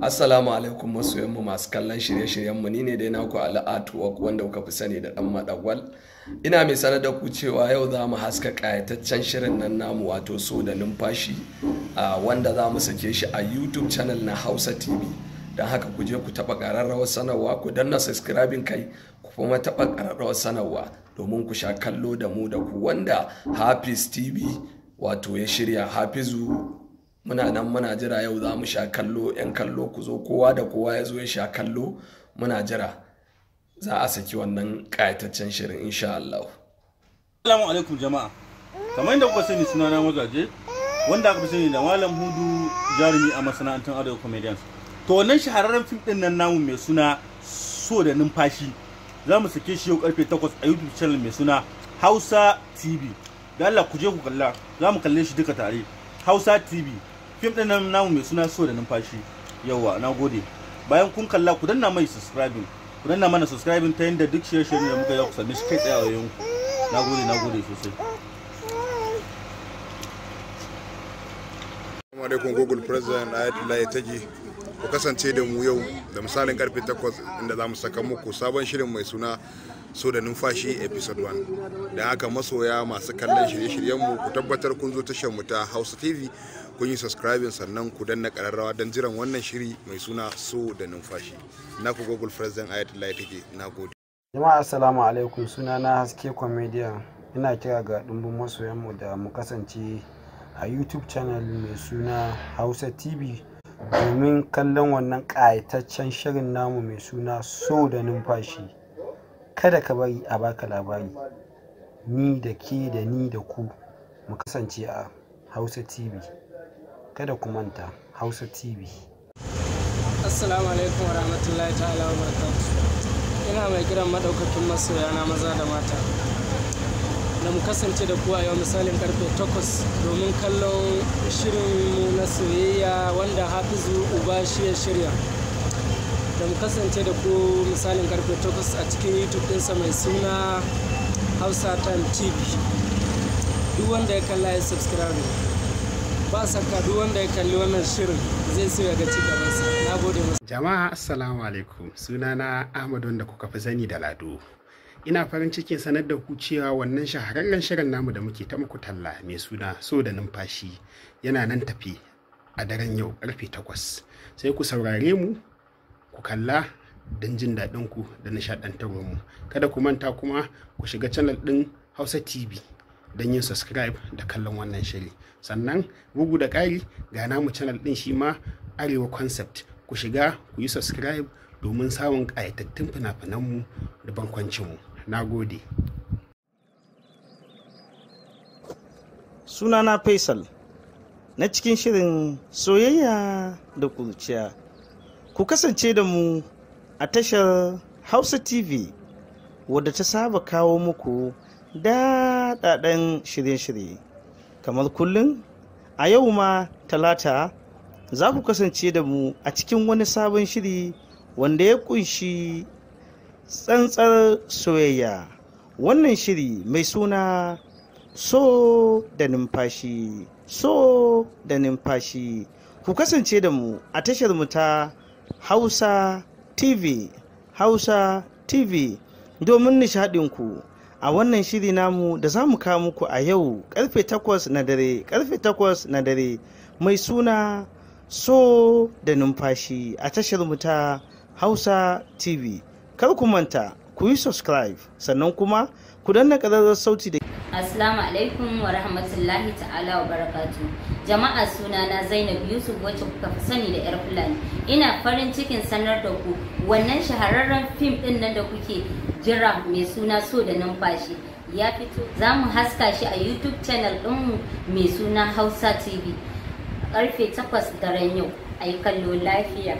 Assalamu alaikum masoyanmu masu kallon shirye-shiryenmu ni ne dai naku al'atuwak wanda kuka fi sani da ɗan maɗagwal. Ina mai sanar da ku cewa yau za mu haska kayataccen shirin nan namu wato so da numfashi wanda za mu sake shi a YouTube channel na Hausa TV. Don haka ku je ku taba ƙararrawar sanarwa ku danna subscribing kai ku kuma taɓa ƙararrawar sanarwa domin ku sha kallo da mu da ku wanda Hafiz TV wato ya shirya Hafizu muna nan muna jira yau za mu sha kallo yan kallo ku zo kowa da kowa ya zo ya sha kallo muna jira za a saki wannan kayataccen shirin insha Allah. Assalamu alaikum jama'a kamar yadda kuka sani suna na mazaje wanda aka fi sani da malam hudu jarumi a masana'antar arewa comedians to wannan shahararren fim din nan namu mai suna so da numfashi za mu sake shi yau karfe 8 a youtube channel mai suna hausa tv da allah ku je ku kalla za mu kalle shi duka tare hausa tv fim din nan namu mai suna so da numfashi yawa na gode bayan kun kalla ku danna mai subscribing ku danna mana subscribing ta yadda duk shirye-shiryen da muka yi ku sami shi kai tsaye a yanku na gode na gode sosai Assalamu alaikum Google President Ayatollah Lai taji ku kasance da mu yau da misalin karfe 8 inda za mu saka muku sabon shirin mai suna so da numfashi episode 1 da haka masoya masu kallon shirye-shiryenmu ku tabbatar kun zo tashar mu ta Hausa TV kun yi subscribing sannan ku danna kararrawa don jiran wannan shiri mai suna so da numfashi naku google president ayatollah take na gode jama'a assalamu alaikum suna na haske comedian ina kira ga dimbin masoyanmu da mu kasance a youtube channel mai suna hausa tv domin kallon wannan ƙayataccen shirin namu mai suna so da numfashi kada ka bari a baka labari ni da ke da ni da ku mu kasance a hausa tv kada ku manta hausa tv assalamu alaikum wa rahmatullahi ta'ala wa barakatuh ina mai kiran madaukakin masoya na maza da mata da mu kasance da kuwa yau misalin karfe 8 domin kallon shirin na soyayya wanda hafizu uba shi ya shirya da mu kasance da ku misalin karfe 8 a cikin youtube ɗinsa mai suna hausa time tv duk wanda ya kalla ya subscribe ba saka duk wanda ya kalli wannan shirin zai so ya ga ci gabansa na gode musu jama'a assalamu alaikum sunana Ahmadu, wanda kuka fi zani da lado ina farin cikin sanar da ku cewa wannan shahararren shirin namu da muke ta muku talla mai suna so da numfashi yana nan tafi a daren yau karfe takwas sai ku saurare mu ku kalla don jin ku da nishaɗantarwar mu kada ku manta kuma ku shiga canal ɗin hausa tv don yin subscribe da kallon wannan shiri sannan bugu da ƙari ga namu channel ɗin shi ma arewa concept ku shiga ku yi subscribe domin samun ƙayatattun fina-finanmu da bankwancinmu na gode sunana faisal na cikin shirin soyayya da kurciya ku kasance da mu a tashar hausa tv wadda ta saba kawo muku da kaɗaɗen shirye-shirye kamar kullum a yau ma talata za ku kasance da mu a cikin wani sabon shiri wanda ya kunshi tsantsar soyayya wannan shiri mai suna so da numfashi so da numfashi ku kasance da mu a tashar mu ta hausa tv hausa tv domin nishadinku a wannan shiri namu da za mu kawo muku a yau karfe 8 na dare karfe 8 na dare mai suna so da numfashi a tashar mu ta hausa tv kar ku manta ku yi subscribe sannan kuma ku danna ƙararrar sauti da Assalamu alaikum wa rahmatullahi ta'ala wa barakatu. Jama'a sunana Zainab Yusuf wacce kuka fi sani da 'yar Fulani. Ina farin cikin sanar da ku wannan shahararren fim din nan da kuke jira mai suna so da numfashi ya fito za mu haska shi a youtube channel ɗinmu mai suna hausa tv karfe 8 daren yau a yi kallo lafiya